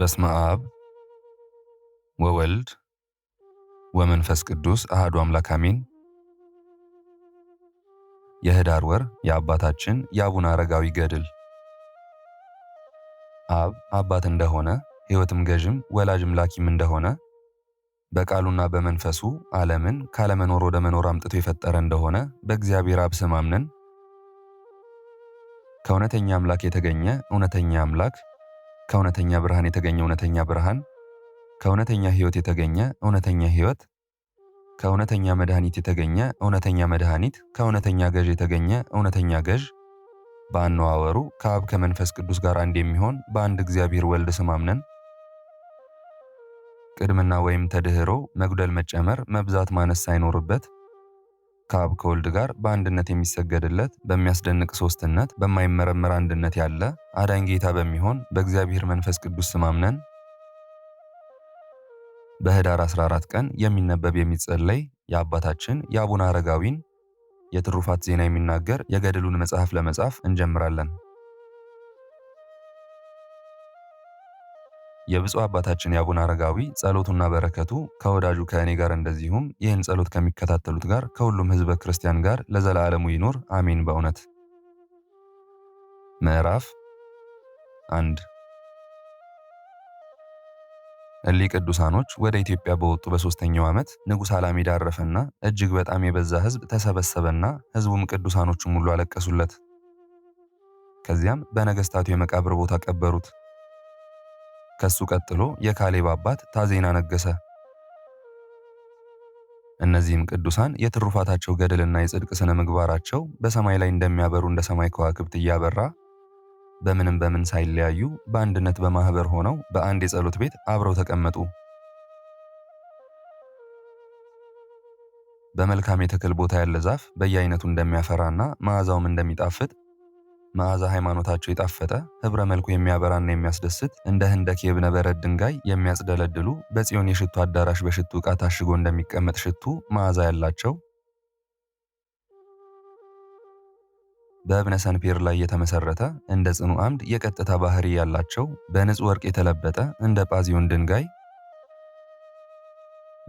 በስመ አብ ወወልድ ወመንፈስ ቅዱስ አህዱ አምላክ አሜን። የህዳር ወር የአባታችን የአቡነ አረጋዊ ገድል። አብ አባት እንደሆነ ሕይወትም ገዥም ወላጅም ላኪም እንደሆነ በቃሉና በመንፈሱ ዓለምን ካለመኖር ወደ መኖር አምጥቶ የፈጠረ እንደሆነ በእግዚአብሔር አብ ስም አምነን ከእውነተኛ አምላክ የተገኘ እውነተኛ አምላክ ከእውነተኛ ብርሃን የተገኘ እውነተኛ ብርሃን፣ ከእውነተኛ ሕይወት የተገኘ እውነተኛ ሕይወት፣ ከእውነተኛ መድኃኒት የተገኘ እውነተኛ መድኃኒት፣ ከእውነተኛ ገዥ የተገኘ እውነተኛ ገዥ፣ በአነዋወሩ ከአብ ከመንፈስ ቅዱስ ጋር አንድ የሚሆን በአንድ እግዚአብሔር ወልድ ስም አምነን ቅድምና ወይም ተድህሮ መጉደል መጨመር መብዛት ማነስ ሳይኖርበት ከአብ ከወልድ ጋር በአንድነት የሚሰገድለት በሚያስደንቅ ሶስትነት በማይመረመር አንድነት ያለ አዳኝ ጌታ በሚሆን በእግዚአብሔር መንፈስ ቅዱስ ስማምነን በህዳር በኅዳር 14 ቀን የሚነበብ የሚጸለይ የአባታችን የአቡነ አረጋዊን የትሩፋት ዜና የሚናገር የገድሉን መጽሐፍ ለመጻፍ እንጀምራለን። የብፁዕ አባታችን የአቡነ አረጋዊ ጸሎቱና በረከቱ ከወዳጁ ከእኔ ጋር እንደዚሁም ይህን ጸሎት ከሚከታተሉት ጋር ከሁሉም ሕዝበ ክርስቲያን ጋር ለዘላለሙ ይኖር አሜን። በእውነት ምዕራፍ አንድ እሊ ቅዱሳኖች ወደ ኢትዮጵያ በወጡ በሦስተኛው ዓመት ንጉሥ አላሜዳ አረፈና እጅግ በጣም የበዛ ሕዝብ ተሰበሰበና ሕዝቡም ቅዱሳኖቹም ሁሉ አለቀሱለት። ከዚያም በነገሥታቱ የመቃብር ቦታ ቀበሩት። ከሱ ቀጥሎ የካሌብ አባት ታዜና ነገሰ። እነዚህም ቅዱሳን የትሩፋታቸው ገድልና የጽድቅ ስነ ምግባራቸው በሰማይ ላይ እንደሚያበሩ እንደ ሰማይ ከዋክብት እያበራ በምንም በምን ሳይለያዩ በአንድነት በማህበር ሆነው በአንድ የጸሎት ቤት አብረው ተቀመጡ። በመልካም የተክል ቦታ ያለ ዛፍ በየአይነቱ እንደሚያፈራና መዓዛውም እንደሚጣፍጥ መዓዛ ሃይማኖታቸው የጣፈጠ ኅብረ መልኩ የሚያበራና የሚያስደስት እንደ ህንደክ የእብነ በረድ ድንጋይ የሚያጽደለድሉ በጽዮን የሽቱ አዳራሽ በሽቱ ዕቃ ታሽጎ እንደሚቀመጥ ሽቱ መዓዛ ያላቸው በእብነ ሰንፔር ላይ የተመሰረተ እንደ ጽኑ አምድ የቀጥታ ባህሪ ያላቸው በንጹሕ ወርቅ የተለበጠ እንደ ጳዚዮን ድንጋይ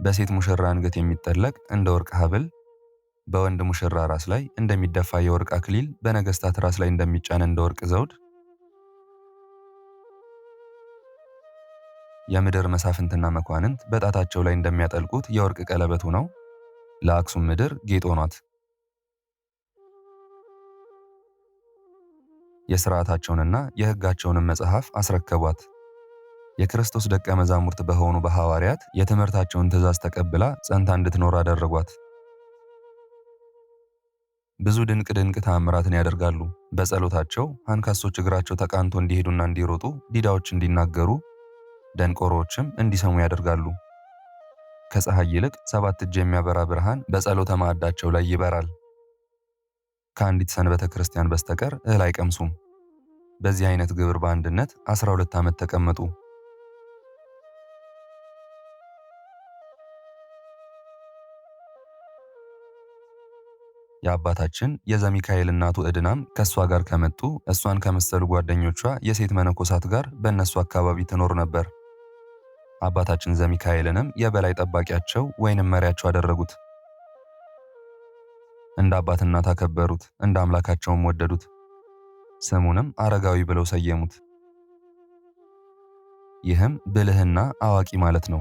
በሴት ሙሽራ አንገት የሚጠለቅ እንደ ወርቅ ሀብል። በወንድ ሙሽራ ራስ ላይ እንደሚደፋ የወርቅ አክሊል በነገስታት ራስ ላይ እንደሚጫን እንደ ወርቅ ዘውድ የምድር መሳፍንትና መኳንንት በጣታቸው ላይ እንደሚያጠልቁት የወርቅ ቀለበቱ ነው ለአክሱም ምድር ጌጥ ሆኗት የሥርዓታቸውንና የሕጋቸውንም መጽሐፍ አስረከቧት። የክርስቶስ ደቀ መዛሙርት በሆኑ በሐዋርያት የትምህርታቸውን ትእዛዝ ተቀብላ ጸንታ እንድትኖር አደረጓት። ብዙ ድንቅ ድንቅ ተአምራትን ያደርጋሉ። በጸሎታቸው አንካሶች እግራቸው ተቃንቶ እንዲሄዱና እንዲሮጡ፣ ዲዳዎች እንዲናገሩ፣ ደንቆሮዎችም እንዲሰሙ ያደርጋሉ። ከፀሐይ ይልቅ ሰባት እጅ የሚያበራ ብርሃን በጸሎተ ማዕዳቸው ላይ ይበራል። ከአንዲት ሰንበተ ክርስቲያን በስተቀር እህል አይቀምሱም። በዚህ አይነት ግብር በአንድነት 12 ዓመት ተቀመጡ። የአባታችን የዘሚካኤል እናቱ እድናም ከእሷ ጋር ከመጡ እሷን ከመሰሉ ጓደኞቿ የሴት መነኮሳት ጋር በእነሱ አካባቢ ትኖር ነበር። አባታችን ዘሚካኤልንም የበላይ ጠባቂያቸው ወይንም መሪያቸው አደረጉት። እንደ አባትና ታከበሩት፣ እንደ አምላካቸውም ወደዱት። ስሙንም አረጋዊ ብለው ሰየሙት። ይህም ብልህና አዋቂ ማለት ነው።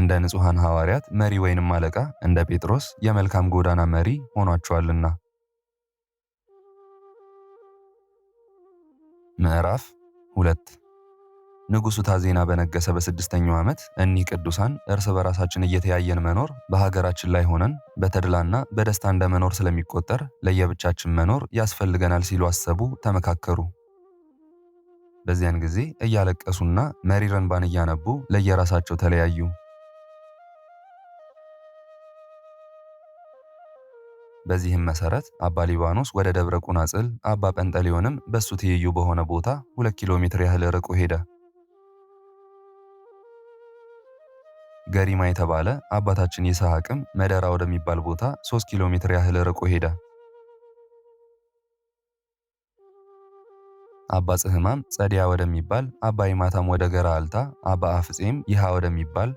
እንደ ንጹሐን ሐዋርያት መሪ ወይንም አለቃ እንደ ጴጥሮስ የመልካም ጎዳና መሪ ሆኗቸዋልና። ምዕራፍ ሁለት ንጉሡ ታዜና በነገሰ በስድስተኛው ዓመት እኒህ ቅዱሳን እርስ በራሳችን እየተያየን መኖር በሀገራችን ላይ ሆነን በተድላና በደስታ እንደ መኖር ስለሚቆጠር ለየብቻችን መኖር ያስፈልገናል ሲሉ አሰቡ፣ ተመካከሩ። በዚያን ጊዜ እያለቀሱና መሪር እንባን እያነቡ ለየራሳቸው ተለያዩ። በዚህም መሰረት አባ ሊባኖስ ወደ ደብረ ቁናጽል፣ አባ ጰንጠሌዎንም በእሱ ትይዩ በሆነ ቦታ ሁለት ኪሎ ሜትር ያህል ርቆ ሄደ። ገሪማ የተባለ አባታችን ይስሐቅም መደራ ወደሚባል ቦታ 3 ኪሎ ሜትር ያህል ርቆ ሄደ። አባ ጽህማም ጸዲያ ወደሚባል፣ አባ ይማታም ወደ ገራ አልታ፣ አባ አፍጼም ይሃ ወደሚባል፣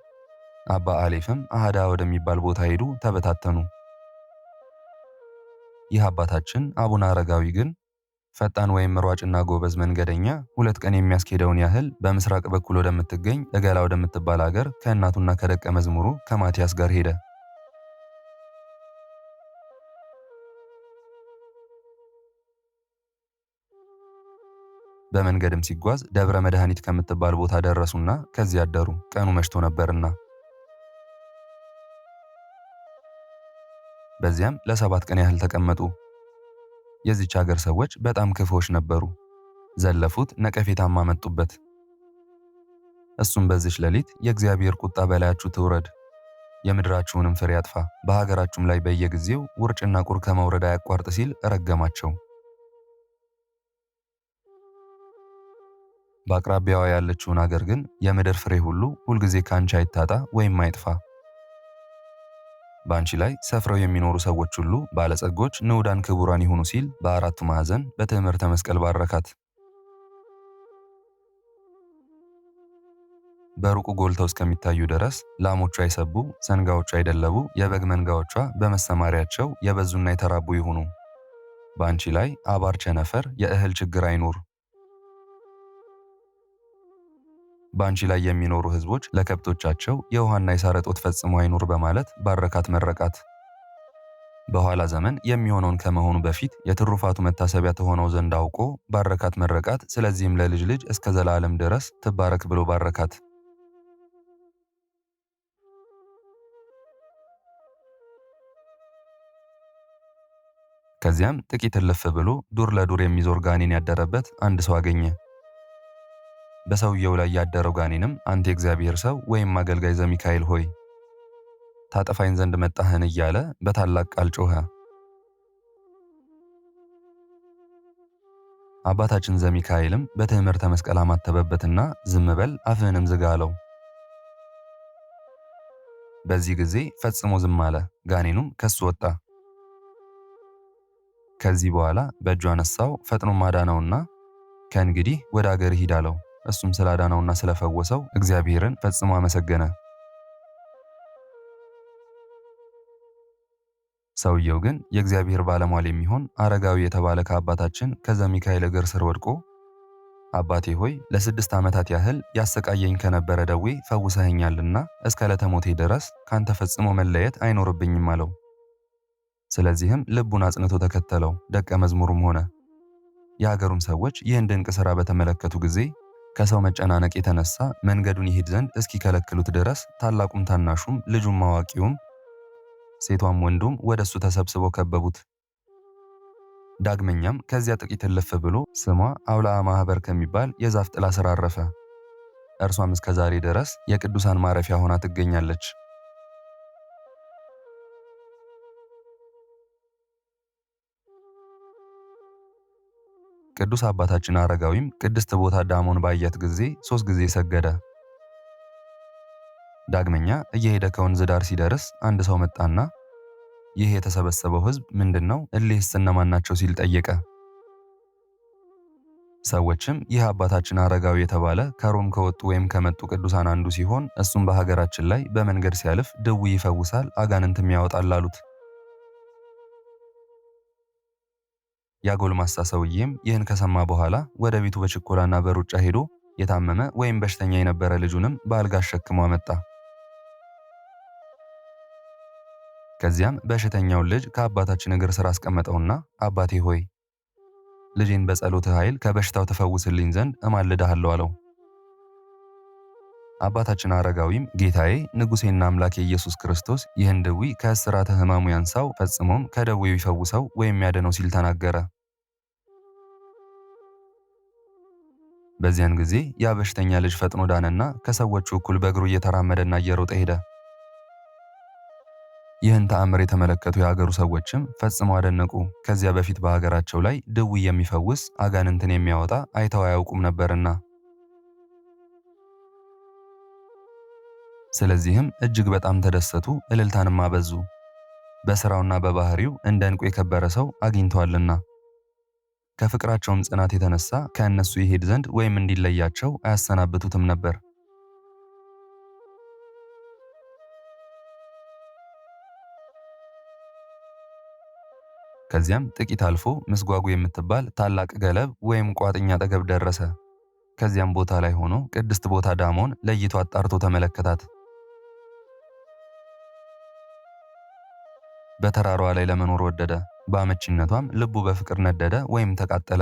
አባ አሌፍም አህዳ ወደሚባል ቦታ ሄዱ፣ ተበታተኑ። ይህ አባታችን አቡነ አረጋዊ ግን ፈጣን ወይም ሯጭና ጎበዝ መንገደኛ ሁለት ቀን የሚያስኬደውን ያህል በምስራቅ በኩል ወደምትገኝ እገላ ወደምትባል አገር ከእናቱና ከደቀ መዝሙሩ ከማቲያስ ጋር ሄደ። በመንገድም ሲጓዝ ደብረ መድኃኒት ከምትባል ቦታ ደረሱና ከዚያ አደሩ፣ ቀኑ መሽቶ ነበርና። በዚያም ለሰባት ቀን ያህል ተቀመጡ። የዚች ሀገር ሰዎች በጣም ክፉዎች ነበሩ። ዘለፉት፣ ነቀፌታም አመጡበት። እሱም በዚች ሌሊት የእግዚአብሔር ቁጣ በላያችሁ ትውረድ፣ የምድራችሁንም ፍሬ ያጥፋ፣ በሀገራችሁም ላይ በየጊዜው ውርጭና ቁር ከመውረድ አያቋርጥ ሲል ረገማቸው። በአቅራቢያዋ ያለችውን አገር ግን የምድር ፍሬ ሁሉ ሁልጊዜ ከአንቺ አይታጣ ወይም አይጥፋ በአንቺ ላይ ሰፍረው የሚኖሩ ሰዎች ሁሉ ባለጸጎች፣ ንዑዳን፣ ክቡራን ይሁኑ ሲል በአራቱ ማዕዘን በትምህርተ መስቀል ባረካት። በሩቁ ጎልተው እስከሚታዩ ድረስ ላሞቿ የሰቡ ሰንጋዎቿ የደለቡ የበግ መንጋዎቿ በመሰማሪያቸው የበዙና የተራቡ ይሁኑ። በአንቺ ላይ አባር ቸነፈር፣ የእህል ችግር አይኑር። በአንቺ ላይ የሚኖሩ ህዝቦች ለከብቶቻቸው የውሃና የሳር እጦት ፈጽሞ አይኑር በማለት ባረካት መረቃት። በኋላ ዘመን የሚሆነውን ከመሆኑ በፊት የትሩፋቱ መታሰቢያ ተሆነው ዘንድ አውቆ ባረካት መረቃት። ስለዚህም ለልጅ ልጅ እስከ ዘላለም ድረስ ትባረክ ብሎ ባረካት። ከዚያም ጥቂት እልፍ ብሎ ዱር ለዱር የሚዞር ጋኔን ያደረበት አንድ ሰው አገኘ። በሰውየው ላይ ያደረው ጋኔንም አንተ የእግዚአብሔር ሰው ወይም አገልጋይ ዘሚካኤል ሆይ ታጠፋኝ ዘንድ መጣህን? እያለ በታላቅ ቃል ጮኸ። አባታችን ዘሚካኤልም በትምህርተ መስቀል አማተበበትና ዝም በል አፍህንም ዝጋ አለው። በዚህ ጊዜ ፈጽሞ ዝም አለ። ጋኔኑም ከሱ ወጣ። ከዚህ በኋላ በእጁ አነሳው፣ ፈጥኖ አዳነውና ከእንግዲህ ወደ አገር ሂድ አለው። እሱም ስላዳነውና ስለፈወሰው እግዚአብሔርን ፈጽሞ አመሰገነ። ሰውየው ግን የእግዚአብሔር ባለሟል የሚሆን አረጋዊ የተባለ ከአባታችን ሚካኤል እግር ስር ወድቆ አባቴ ሆይ ለስድስት ዓመታት ያህል ያሰቃየኝ ከነበረ ደዌ ፈውሰኸኛልና እስከ ለተሞቴ ድረስ ካንተ ፈጽሞ መለየት አይኖርብኝም አለው። ስለዚህም ልቡን አጽንቶ ተከተለው፣ ደቀ መዝሙሩም ሆነ። የአገሩም ሰዎች ይህን ድንቅ ሥራ በተመለከቱ ጊዜ ከሰው መጨናነቅ የተነሳ መንገዱን ይሄድ ዘንድ እስኪከለክሉት ድረስ ታላቁም ታናሹም ልጁም አዋቂውም ሴቷም ወንዱም ወደ እሱ ተሰብስበው ከበቡት። ዳግመኛም ከዚያ ጥቂት እልፍ ብሎ ስሟ አውላአ ማህበር ከሚባል የዛፍ ጥላ ስር አረፈ። እርሷም እስከ ዛሬ ድረስ የቅዱሳን ማረፊያ ሆና ትገኛለች። ቅዱስ አባታችን አረጋዊም ቅድስት ቦታ ዳሞን ባያት ጊዜ ሶስት ጊዜ ሰገደ። ዳግመኛ እየሄደ ከወንዝ ዳር ሲደርስ አንድ ሰው መጣና ይህ የተሰበሰበው ሕዝብ ምንድን ነው? እሊህስ እነማን ናቸው? ሲል ጠየቀ። ሰዎችም ይህ አባታችን አረጋዊ የተባለ ከሮም ከወጡ ወይም ከመጡ ቅዱሳን አንዱ ሲሆን እሱም በሀገራችን ላይ በመንገድ ሲያልፍ ድዊ ይፈውሳል፣ አጋንንትም ያወጣል አሉት። ያጎልማሳ ሰውዬም ይህን ከሰማ በኋላ ወደ ቤቱ በችኮላና በሩጫ ሄዶ የታመመ ወይም በሽተኛ የነበረ ልጁንም በአልጋ አሸክሞ አመጣ። ከዚያም በሽተኛውን ልጅ ከአባታችን እግር ስር አስቀመጠውና አባቴ ሆይ ልጄን በጸሎትህ ኃይል ከበሽታው ተፈውስልኝ ዘንድ እማልድሃለሁ አለው። አባታችን አረጋዊም ጌታዬ ንጉሴና አምላኬ ኢየሱስ ክርስቶስ ይህን ድዊ ከእስራተ ሕማሙ ያንሳው ፈጽሞም ከደዌው ይፈውሰው ወይም ያደነው ሲል ተናገረ። በዚያን ጊዜ ያ በሽተኛ ልጅ ፈጥኖ ዳነና ከሰዎቹ እኩል በእግሩ እየተራመደና እየሮጠ ሄደ። ይህን ተአምር የተመለከቱ የአገሩ ሰዎችም ፈጽመው አደነቁ። ከዚያ በፊት በሀገራቸው ላይ ድውይ የሚፈውስ አጋንንትን የሚያወጣ አይተው አያውቁም ነበርና። ስለዚህም እጅግ በጣም ተደሰቱ፣ እልልታንም አበዙ። በሥራውና በባህሪው እንደ ዕንቁ የከበረ ሰው አግኝተዋልና። ከፍቅራቸውም ጽናት የተነሳ ከእነሱ ይሄድ ዘንድ ወይም እንዲለያቸው አያሰናብቱትም ነበር። ከዚያም ጥቂት አልፎ ምስጓጉ የምትባል ታላቅ ገለብ ወይም ቋጥኛ አጠገብ ደረሰ። ከዚያም ቦታ ላይ ሆኖ ቅድስት ቦታ ዳሞን ለይቶ አጣርቶ ተመለከታት። በተራሯ ላይ ለመኖር ወደደ። በአመቺነቷም ልቡ በፍቅር ነደደ ወይም ተቃጠለ።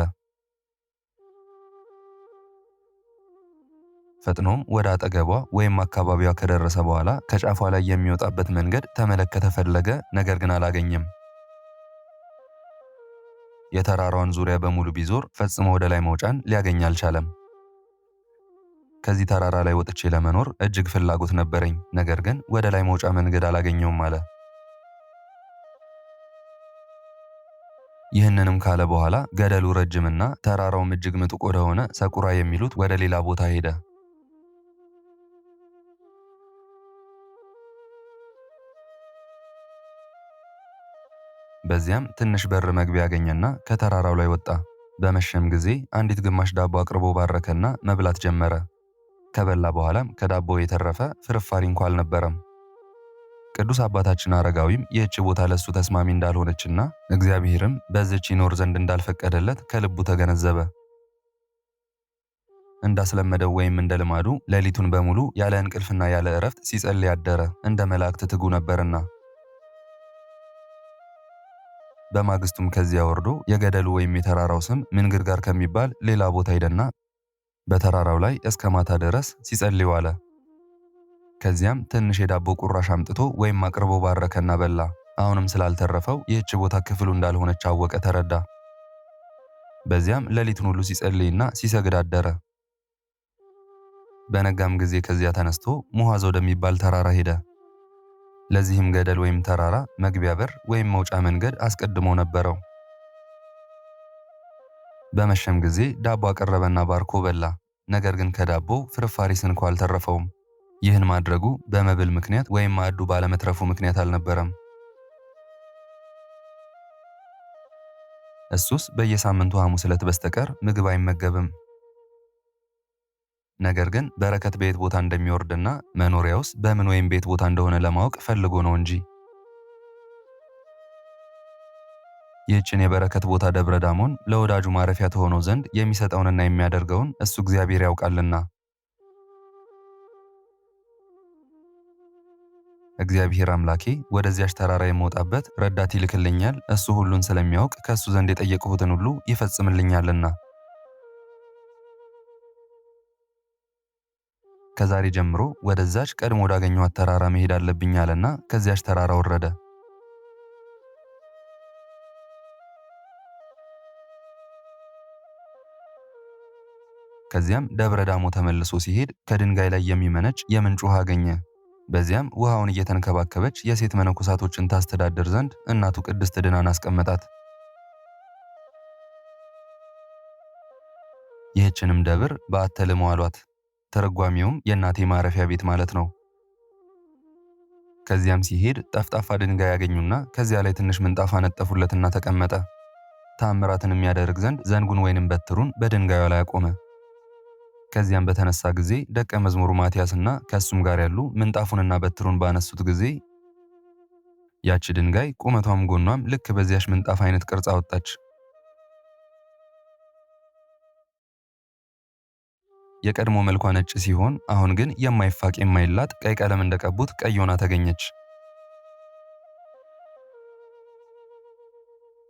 ፈጥኖም ወደ አጠገቧ ወይም አካባቢዋ ከደረሰ በኋላ ከጫፏ ላይ የሚወጣበት መንገድ ተመለከተ፣ ፈለገ፣ ነገር ግን አላገኘም። የተራራውን ዙሪያ በሙሉ ቢዞር ፈጽሞ ወደ ላይ መውጫን ሊያገኝ አልቻለም። ከዚህ ተራራ ላይ ወጥቼ ለመኖር እጅግ ፍላጎት ነበረኝ፣ ነገር ግን ወደ ላይ መውጫ መንገድ አላገኘውም አለ። ይህንንም ካለ በኋላ ገደሉ ረጅምና ተራራውም እጅግ ምጡቅ ወደሆነ ሰቁራ የሚሉት ወደ ሌላ ቦታ ሄደ። በዚያም ትንሽ በር መግቢያ ያገኘና ከተራራው ላይ ወጣ። በመሸም ጊዜ አንዲት ግማሽ ዳቦ አቅርቦ ባረከና መብላት ጀመረ። ከበላ በኋላም ከዳቦ የተረፈ ፍርፋሪ እንኳ አልነበረም። ቅዱስ አባታችን አረጋዊም ይህች ቦታ ለሱ ተስማሚ እንዳልሆነችና እግዚአብሔርም በዚች ይኖር ዘንድ እንዳልፈቀደለት ከልቡ ተገነዘበ። እንዳስለመደው ወይም እንደ ልማዱ ሌሊቱን በሙሉ ያለ እንቅልፍና ያለ እረፍት ሲጸልይ ያደረ፣ እንደ መላእክት ትጉ ነበርና። በማግስቱም ከዚያ ወርዶ የገደሉ ወይም የተራራው ስም ምንግር ጋር ከሚባል ሌላ ቦታ ሄደና በተራራው ላይ እስከ ማታ ድረስ ሲጸልይ ዋለ። ከዚያም ትንሽ የዳቦ ቁራሽ አምጥቶ ወይም አቅርቦ ባረከና በላ። አሁንም ስላልተረፈው ይህች ቦታ ክፍሉ እንዳልሆነች አወቀ፣ ተረዳ። በዚያም ሌሊቱን ሁሉ ሲጸልይና ሲሰግድ አደረ። በነጋም ጊዜ ከዚያ ተነስቶ ሙሃዝ ወደሚባል ተራራ ሄደ። ለዚህም ገደል ወይም ተራራ መግቢያ በር ወይም መውጫ መንገድ አስቀድሞ ነበረው። በመሸም ጊዜ ዳቦ አቀረበና ባርኮ በላ። ነገር ግን ከዳቦ ፍርፋሪ ስንኳ አልተረፈውም። ይህን ማድረጉ በመብል ምክንያት ወይም ማዕዱ ባለመትረፉ ምክንያት አልነበረም። እሱስ በየሳምንቱ ሐሙስ ዕለት በስተቀር ምግብ አይመገብም። ነገር ግን በረከት በየት ቦታ እንደሚወርድና መኖሪያውስ በምን ወይም ቤት ቦታ እንደሆነ ለማወቅ ፈልጎ ነው እንጂ። ይህችን የበረከት ቦታ ደብረ ዳሞን ለወዳጁ ማረፊያ ተሆነው ዘንድ የሚሰጠውንና የሚያደርገውን እሱ እግዚአብሔር ያውቃልና እግዚአብሔር አምላኬ ወደዚያች ተራራ የመውጣበት ረዳት ይልክልኛል፣ እሱ ሁሉን ስለሚያውቅ ከእሱ ዘንድ የጠየቅሁትን ሁሉ ይፈጽምልኛልና። ከዛሬ ጀምሮ ወደዛች ቀድሞ ወዳገኘኋት ተራራ መሄድ አለብኝ አለና ከዚያች ተራራ ወረደ። ከዚያም ደብረ ዳሞ ተመልሶ ሲሄድ ከድንጋይ ላይ የሚመነጭ የምንጭ ውሃ አገኘ። በዚያም ውሃውን እየተንከባከበች የሴት መነኮሳቶችን ታስተዳድር ዘንድ እናቱ ቅድስት ድናን አስቀመጣት። ይህችንም ደብር በአተልሞ አሏት። ተረጓሚውም የእናቴ ማረፊያ ቤት ማለት ነው። ከዚያም ሲሄድ ጠፍጣፋ ድንጋይ ያገኙና ከዚያ ላይ ትንሽ ምንጣፍ አነጠፉለትና ተቀመጠ። ታምራትን የሚያደርግ ዘንድ ዘንጉን ወይንም በትሩን በድንጋዩ ላይ አቆመ። ከዚያም በተነሳ ጊዜ ደቀ መዝሙሩ ማትያስና ከእሱም ጋር ያሉ ምንጣፉንና በትሩን ባነሱት ጊዜ ያቺ ድንጋይ ቁመቷም ጎኗም ልክ በዚያች ምንጣፍ አይነት ቅርጽ አወጣች። የቀድሞ መልኳ ነጭ ሲሆን አሁን ግን የማይፋቅ የማይላጥ ቀይ ቀለም እንደቀቡት ቀይ ሆና ተገኘች።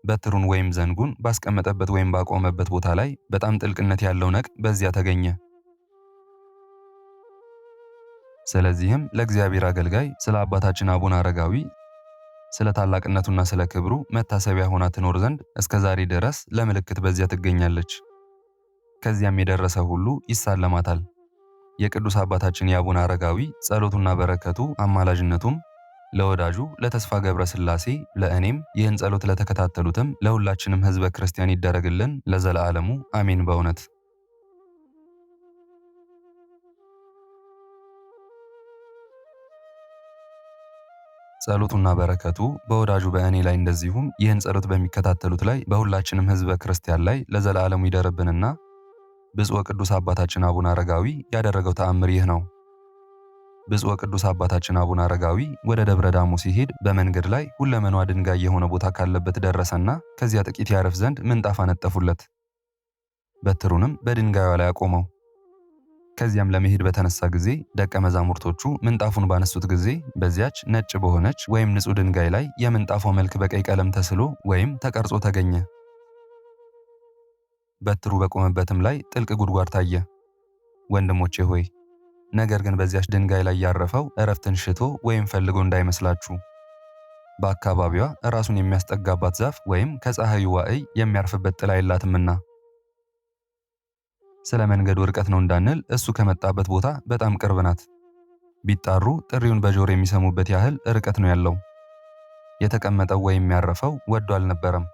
በትሩን ወይም ዘንጉን ባስቀመጠበት ወይም ባቆመበት ቦታ ላይ በጣም ጥልቅነት ያለው ነቅ በዚያ ተገኘ። ስለዚህም ለእግዚአብሔር አገልጋይ ስለ አባታችን አቡነ አረጋዊ ስለ ታላቅነቱና ስለ ክብሩ መታሰቢያ ሆና ትኖር ዘንድ እስከ ዛሬ ድረስ ለምልክት በዚያ ትገኛለች። ከዚያም የደረሰ ሁሉ ይሳለማታል። የቅዱስ አባታችን የአቡነ አረጋዊ ጸሎቱና በረከቱ አማላጅነቱም ለወዳጁ ለተስፋ ገብረ ስላሴ ለእኔም ይህን ጸሎት ለተከታተሉትም ለሁላችንም ሕዝበ ክርስቲያን ይደረግልን ለዘለዓለሙ አሜን። በእውነት ጸሎቱና በረከቱ በወዳጁ በእኔ ላይ እንደዚሁም ይህን ጸሎት በሚከታተሉት ላይ በሁላችንም ሕዝበ ክርስቲያን ላይ ለዘላለሙ ይደርብንና ብፁዕ ቅዱስ አባታችን አቡነ አረጋዊ ያደረገው ተአምር ይህ ነው። ብፁዕ ቅዱስ አባታችን አቡነ አረጋዊ ወደ ደብረ ዳሞ ሲሄድ በመንገድ ላይ ሁለመኗ ድንጋይ የሆነ ቦታ ካለበት ደረሰና ከዚያ ጥቂት ያረፍ ዘንድ ምንጣፍ አነጠፉለት። በትሩንም በድንጋዩ ላይ አቆመው። ከዚያም ለመሄድ በተነሳ ጊዜ ደቀ መዛሙርቶቹ ምንጣፉን ባነሱት ጊዜ በዚያች ነጭ በሆነች ወይም ንጹሕ ድንጋይ ላይ የምንጣፏ መልክ በቀይ ቀለም ተስሎ ወይም ተቀርጾ ተገኘ። በትሩ በቆመበትም ላይ ጥልቅ ጉድጓድ ታየ። ወንድሞቼ ሆይ ነገር ግን በዚያች ድንጋይ ላይ ያረፈው እረፍትን ሽቶ ወይም ፈልጎ እንዳይመስላችሁ። በአካባቢዋ ራሱን የሚያስጠጋባት ዛፍ ወይም ከፀሐዩ ዋዕይ የሚያርፍበት ጥላ የላትምና ስለ መንገዱ ርቀት ነው እንዳንል እሱ ከመጣበት ቦታ በጣም ቅርብ ናት። ቢጣሩ ጥሪውን በጆሮ የሚሰሙበት ያህል ርቀት ነው ያለው። የተቀመጠው ወይም ያረፈው ወዶ አልነበረም።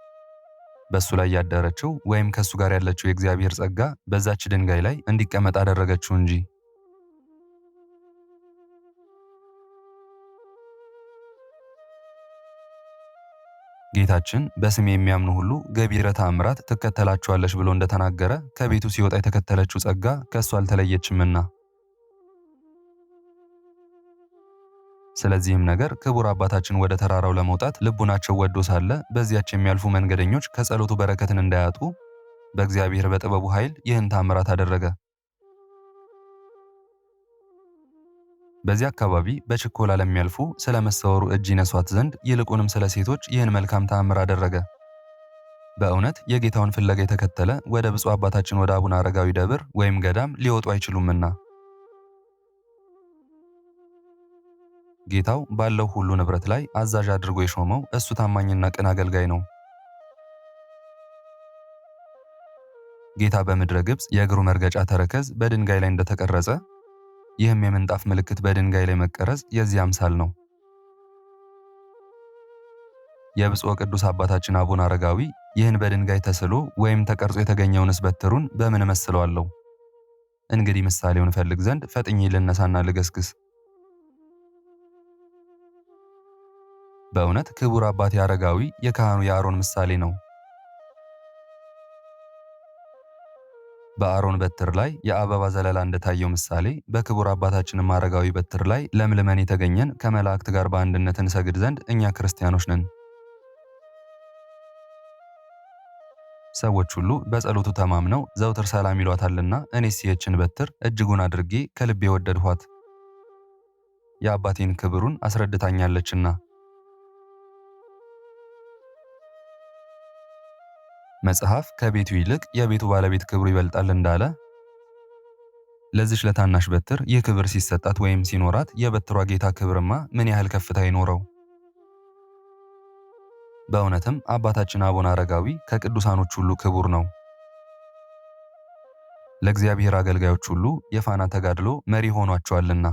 በእሱ ላይ ያደረችው ወይም ከእሱ ጋር ያለችው የእግዚአብሔር ጸጋ በዛች ድንጋይ ላይ እንዲቀመጥ አደረገችው እንጂ ጌታችን በስሜ የሚያምኑ ሁሉ ገቢረ ተአምራት ትከተላቸዋለች ብሎ እንደተናገረ ከቤቱ ሲወጣ የተከተለችው ጸጋ ከእሱ አልተለየችምና። ስለዚህም ነገር ክቡር አባታችን ወደ ተራራው ለመውጣት ልቡናቸው ወዶ ሳለ በዚያች የሚያልፉ መንገደኞች ከጸሎቱ በረከትን እንዳያጡ በእግዚአብሔር በጥበቡ ኃይል ይህን ታምራት አደረገ። በዚህ አካባቢ በችኮላ ለሚያልፉ ስለ መሰወሩ እጅ ይነሷት ዘንድ ይልቁንም ስለ ሴቶች ይህን መልካም ተአምር አደረገ። በእውነት የጌታውን ፍለጋ የተከተለ ወደ ብፁዕ አባታችን ወደ አቡነ አረጋዊ ደብር ወይም ገዳም ሊወጡ አይችሉምና ጌታው ባለው ሁሉ ንብረት ላይ አዛዥ አድርጎ የሾመው እሱ ታማኝና ቅን አገልጋይ ነው። ጌታ በምድረ ግብፅ የእግሩ መርገጫ ተረከዝ በድንጋይ ላይ እንደተቀረጸ ይህም የምንጣፍ ምልክት በድንጋይ ላይ መቀረጽ የዚህ አምሳል ነው። የብፁዕ ቅዱስ አባታችን አቡነ አረጋዊ ይህን በድንጋይ ተስሎ ወይም ተቀርጾ የተገኘው በትሩን በምን መስለዋለሁ? እንግዲህ ምሳሌውን እፈልግ ዘንድ ፈጥኜ ልነሳና ልገስግስ። በእውነት ክቡር አባቴ አረጋዊ የካህኑ የአሮን ምሳሌ ነው። በአሮን በትር ላይ የአበባ ዘለላ እንደታየው ምሳሌ በክቡር አባታችንም ማረጋዊ በትር ላይ ለምልመን የተገኘን ከመላእክት ጋር በአንድነት እንሰግድ ዘንድ እኛ ክርስቲያኖች ነን። ሰዎች ሁሉ በጸሎቱ ተማምነው ዘውትር ሰላም ይሏታልና እኔስ ሲየችን በትር እጅጉን አድርጌ ከልቤ ወደድኋት፣ የአባቴን ክብሩን አስረድታኛለችና መጽሐፍ ከቤቱ ይልቅ የቤቱ ባለቤት ክብሩ ይበልጣል እንዳለ ለዚች ለታናሽ በትር ይህ ክብር ሲሰጣት ወይም ሲኖራት የበትሯ ጌታ ክብርማ ምን ያህል ከፍታ ይኖረው? በእውነትም አባታችን አቡነ አረጋዊ ከቅዱሳኖች ሁሉ ክቡር ነው። ለእግዚአብሔር አገልጋዮች ሁሉ የፋና ተጋድሎ መሪ ሆኗቸዋልና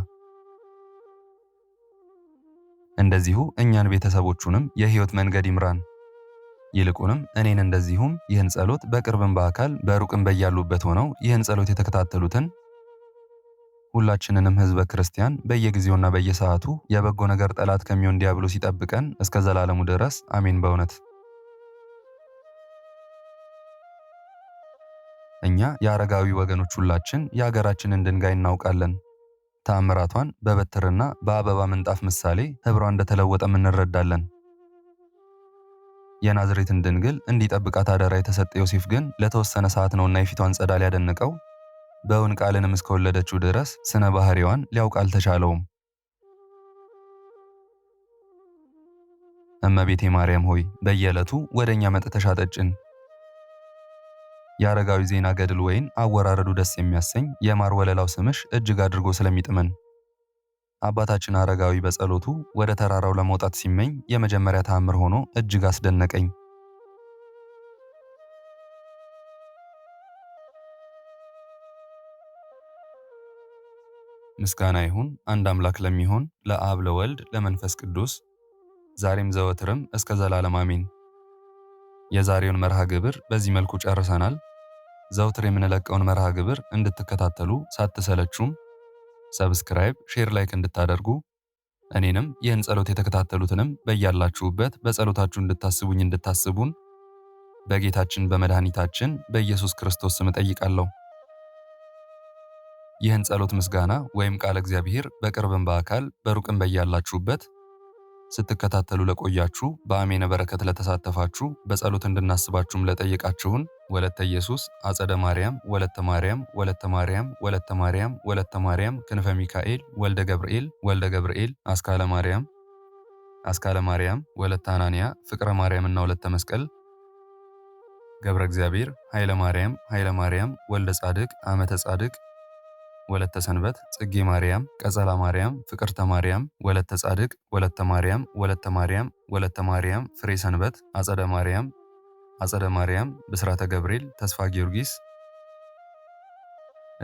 እንደዚሁ እኛን ቤተሰቦቹንም የሕይወት መንገድ ይምራን። ይልቁንም እኔን እንደዚሁም ይህን ጸሎት በቅርብም በአካል በሩቅም በያሉበት ሆነው ይህን ጸሎት የተከታተሉትን ሁላችንንም ህዝበ ክርስቲያን በየጊዜውና በየሰዓቱ የበጎ ነገር ጠላት ከሚሆን ዲያብሎስ ይጠብቀን እስከ ዘላለሙ ድረስ አሜን። በእውነት እኛ የአረጋዊ ወገኖች ሁላችን የአገራችንን ድንጋይ እናውቃለን። ተአምራቷን በበትርና በአበባ ምንጣፍ ምሳሌ ህብሯ እንደተለወጠም እንረዳለን። የናዝሬትን ድንግል እንዲጠብቃት አደራ የተሰጠ ዮሴፍ ግን ለተወሰነ ሰዓት ነውና የፊቷን ጸዳል ያደነቀው በእውን ቃልንም እስከወለደችው ድረስ ስነ ባህሪዋን ሊያውቅ አልተቻለውም። እመቤቴ ማርያም ሆይ በየዕለቱ ወደ እኛ መጥተሻ ጠጭን። የአረጋዊ ዜና ገድል ወይን አወራረዱ ደስ የሚያሰኝ የማር ወለላው ስምሽ እጅግ አድርጎ ስለሚጥመን አባታችን አረጋዊ በጸሎቱ ወደ ተራራው ለመውጣት ሲመኝ የመጀመሪያ ተአምር ሆኖ እጅግ አስደነቀኝ። ምስጋና ይሁን አንድ አምላክ ለሚሆን ለአብ ለወልድ ለመንፈስ ቅዱስ ዛሬም ዘወትርም እስከ ዘላለም አሜን። የዛሬውን መርሃ ግብር በዚህ መልኩ ጨርሰናል። ዘውትር የምንለቀውን መርሃ ግብር እንድትከታተሉ ሳትሰለችም ሰብስክራይብ፣ ሼር፣ ላይክ እንድታደርጉ እኔንም ይህን ጸሎት የተከታተሉትንም በያላችሁበት በጸሎታችሁ እንድታስቡኝ እንድታስቡን በጌታችን በመድኃኒታችን በኢየሱስ ክርስቶስ ስም እጠይቃለሁ። ይህን ጸሎት ምስጋና ወይም ቃለ እግዚአብሔር በቅርብም በአካል በሩቅም በያላችሁበት ስትከታተሉ ለቆያችሁ በአሜነ በረከት ለተሳተፋችሁ በጸሎት እንድናስባችሁም ለጠየቃችሁን ወለተ ኢየሱስ፣ አጸደ ማርያም፣ ወለተ ማርያም፣ ወለተ ማርያም፣ ወለተ ማርያም፣ ወለተ ማርያም፣ ክንፈ ሚካኤል፣ ወልደ ገብርኤል፣ ወልደ ገብርኤል፣ አስካለ ማርያም፣ አስካለ ማርያም፣ ወለተ አናንያ፣ ፍቅረ ማርያም እና ወለተ መስቀል፣ ገብረ እግዚአብሔር፣ ኃይለ ማርያም፣ ኃይለ ማርያም፣ ወልደ ጻድቅ፣ አመተ ጻድቅ፣ ወለተ ሰንበት፣ ጽጌ ማርያም፣ ቀጸላ ማርያም፣ ፍቅርተ ማርያም፣ ወለተ ጻድቅ፣ ወለተ ማርያም፣ ወለተ ማርያም፣ ወለተ ማርያም፣ ፍሬ ሰንበት፣ አጸደ ማርያም አጸደ ማርያም፣ ብስራተ ገብርኤል፣ ተስፋ ጊዮርጊስ፣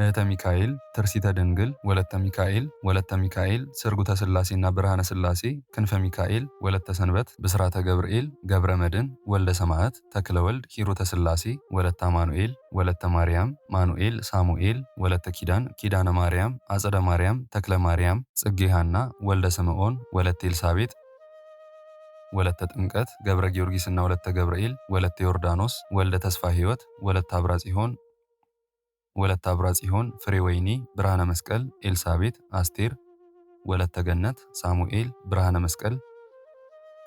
እህተ ሚካኤል፣ ትርሲተ ድንግል፣ ወለተ ሚካኤል፣ ወለተ ሚካኤል፣ ስርጉተ ሥላሴና ብርሃነ ስላሴ ክንፈ ሚካኤል፣ ወለተ ሰንበት፣ ብስራተ ገብርኤል፣ ገብረ መድን፣ ወልደ ሰማዕት፣ ተክለ ወልድ፣ ሂሩተ ሥላሴ፣ ወለተ ማኑኤል፣ ወለተ ማርያም፣ ማኑኤል፣ ሳሙኤል፣ ወለተ ኪዳን፣ ኪዳነ ማርያም፣ አጸደ ማርያም፣ ተክለ ማርያም፣ ጽጌሃና፣ ወልደ ስምዖን፣ ወለተ ኤልሳቤጥ ወለተ ጥምቀት፣ ገብረ እና ወለተ ገብርኤል፣ ወለተ ዮርዳኖስ፣ ወልደ ተስፋ ሕይወት፣ ወለተ አብራ ጽዮን፣ ወለተ አብራ ጽዮን፣ ፍሬ ወይኒ፣ ብርሃነ መስቀል፣ ኤልሳቤት፣ አስቴር፣ ወለተ ገነት፣ ሳሙኤል፣ ብርሃነ መስቀል፣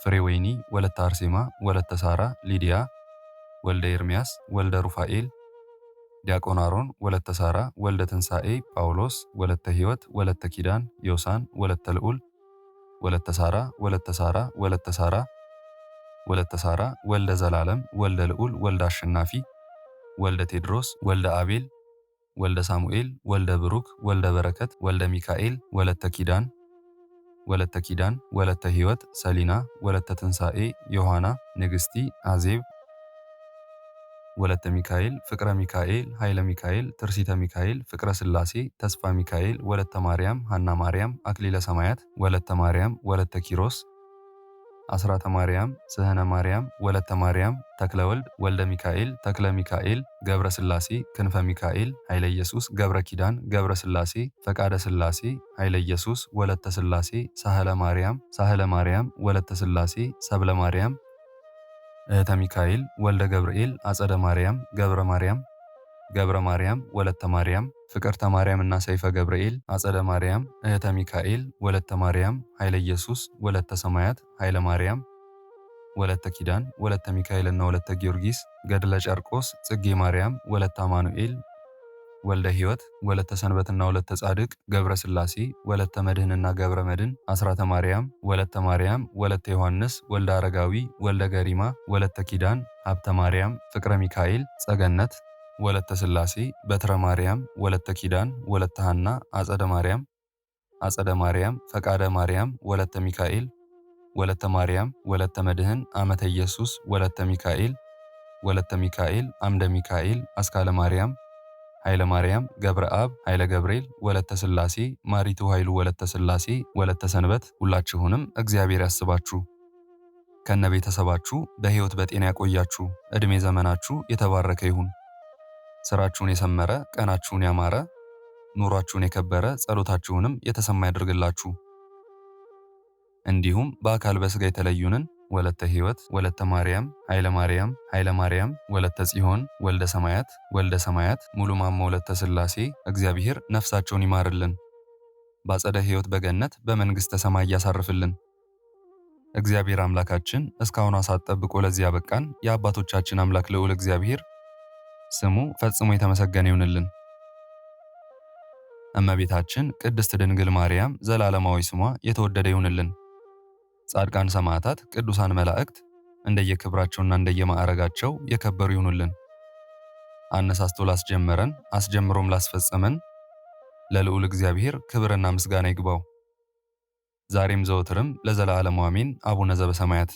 ፍሬ ወይኒ፣ ወለተ አርሴማ፣ ወለተ ሳራ፣ ሊዲያ፣ ወልደ ኤርሚያስ፣ ወልደ ሩፋኤል ዲያቆን አሮን ወለተ ሳራ ወልደ ትንሣኤ ጳውሎስ ወለተ ሕይወት ወለተ ኪዳን ዮሳን ወለተ ልዑል ወለተ ሳራ ወለተ ሳራ ወለተ ሳራ ወለተ ሳራ ወልደ ዘላለም ወልደ ልዑል ወልደ አሸናፊ ወልደ ቴድሮስ ወልደ አቤል ወልደ ሳሙኤል ወልደ ብሩክ ወልደ በረከት ወልደ ሚካኤል ወለተ ኪዳን ወለተ ኪዳን ወለተ ሕይወት ሰሊና ወለተ ትንሣኤ ዮሐና ንግሥቲ አዜብ ወለተ ሚካኤል፣ ፍቅረ ሚካኤል፣ ኃይለ ሚካኤል፣ ትርሲተ ሚካኤል፣ ፍቅረ ስላሴ ተስፋ ሚካኤል፣ ወለተ ማርያም፣ ሐና ማርያም፣ አክሊለ ሰማያት፣ ወለተ ማርያም፣ ወለተ ኪሮስ፣ አስራተ ማርያም፣ ስህነ ማርያም፣ ወለተ ማርያም፣ ተክለ ወልድ፣ ወልደ ሚካኤል፣ ተክለ ሚካኤል፣ ገብረ ስላሴ፣ ክንፈ ሚካኤል፣ ኃይለ ኢየሱስ፣ ገብረ ኪዳን፣ ገብረ ስላሴ ፈቃደ ስላሴ ኃይለ ኢየሱስ፣ ወለተ ስላሴ ሳህለ ማርያም፣ ሳህለ ማርያም፣ ወለተ ስላሴ ሰብለ ማርያም እህተ ሚካኤል ወልደ ገብርኤል አጸደ ማርያም ገብረ ማርያም ገብረ ማርያም ወለተ ማርያም ፍቅርተ ማርያም እና ሰይፈ ገብርኤል አጸደ ማርያም እህተ ሚካኤል ወለተ ማርያም ኃይለ ኢየሱስ ወለተ ሰማያት ኃይለ ማርያም ወለተ ኪዳን ወለተ ሚካኤል እና ወለተ ጊዮርጊስ ገድለ ጨርቆስ ጽጌ ማርያም ወለተ አማኑኤል ወልደ ሕይወት፣ ወለተ ሰንበትና ወለተ ጻድቅ፣ ገብረ ሥላሴ፣ ወለተ መድህንና ገብረ መድህን፣ አስራተ ማርያም፣ ወለተ ማርያም፣ ወለተ ዮሐንስ፣ ወልደ አረጋዊ፣ ወልደ ገሪማ፣ ወለተ ኪዳን፣ ሀብተ ማርያም፣ ፍቅረ ሚካኤል፣ ጸገነት፣ ወለተ ሥላሴ፣ በትረ ማርያም፣ ወለተ ኪዳን፣ ወለተ ሐና፣ አጸደ ማርያም፣ አጸደ ማርያም፣ ፈቃደ ማርያም፣ ወለተ ሚካኤል፣ ወለተ ማርያም፣ ወለተ መድህን፣ አመተ ኢየሱስ፣ ወለተ ሚካኤል፣ ወለተ ሚካኤል፣ አምደ ሚካኤል፣ አስካለ ማርያም ኃይለ ማርያም ገብረ አብ ኃይለ ገብርኤል ወለተ ስላሴ፣ ማሪቱ ኃይሉ ወለተ ስላሴ፣ ወለተ ሰንበት ሁላችሁንም እግዚአብሔር ያስባችሁ ከነ ቤተሰባችሁ በሕይወት በጤና ያቆያችሁ። ዕድሜ ዘመናችሁ የተባረከ ይሁን። ሥራችሁን የሰመረ ቀናችሁን ያማረ ኑሯችሁን የከበረ ጸሎታችሁንም የተሰማ ያደርግላችሁ። እንዲሁም በአካል በሥጋ የተለዩንን ወለተ ሕይወት ወለተ ማርያም ኃይለ ማርያም ኃይለ ማርያም ወለተ ጽዮን ወልደ ሰማያት ወልደ ሰማያት ሙሉ ማሞ ወለተ ሥላሴ እግዚአብሔር ነፍሳቸውን ይማርልን፣ ባጸደ ሕይወት በገነት በመንግሥተ ሰማይ ያሳርፍልን። እግዚአብሔር አምላካችን እስካሁን ሰዓት ጠብቆ ለዚህ ያበቃን የአባቶቻችን አምላክ ልዑል እግዚአብሔር ስሙ ፈጽሞ የተመሰገነ ይሁንልን። እመቤታችን ቅድስት ድንግል ማርያም ዘላለማዊ ስሟ የተወደደ ይሁንልን። ጻድቃን ሰማዕታት፣ ቅዱሳን መላእክት እንደየክብራቸውና እንደየማዕረጋቸው የከበሩ ይሁኑልን። አነሳስቶ ላስጀመረን አስጀምሮም ላስፈጸመን ለልዑል እግዚአብሔር ክብርና ምስጋና ይግባው። ዛሬም ዘወትርም ለዘላለም አሜን። አቡነ ዘበሰማያት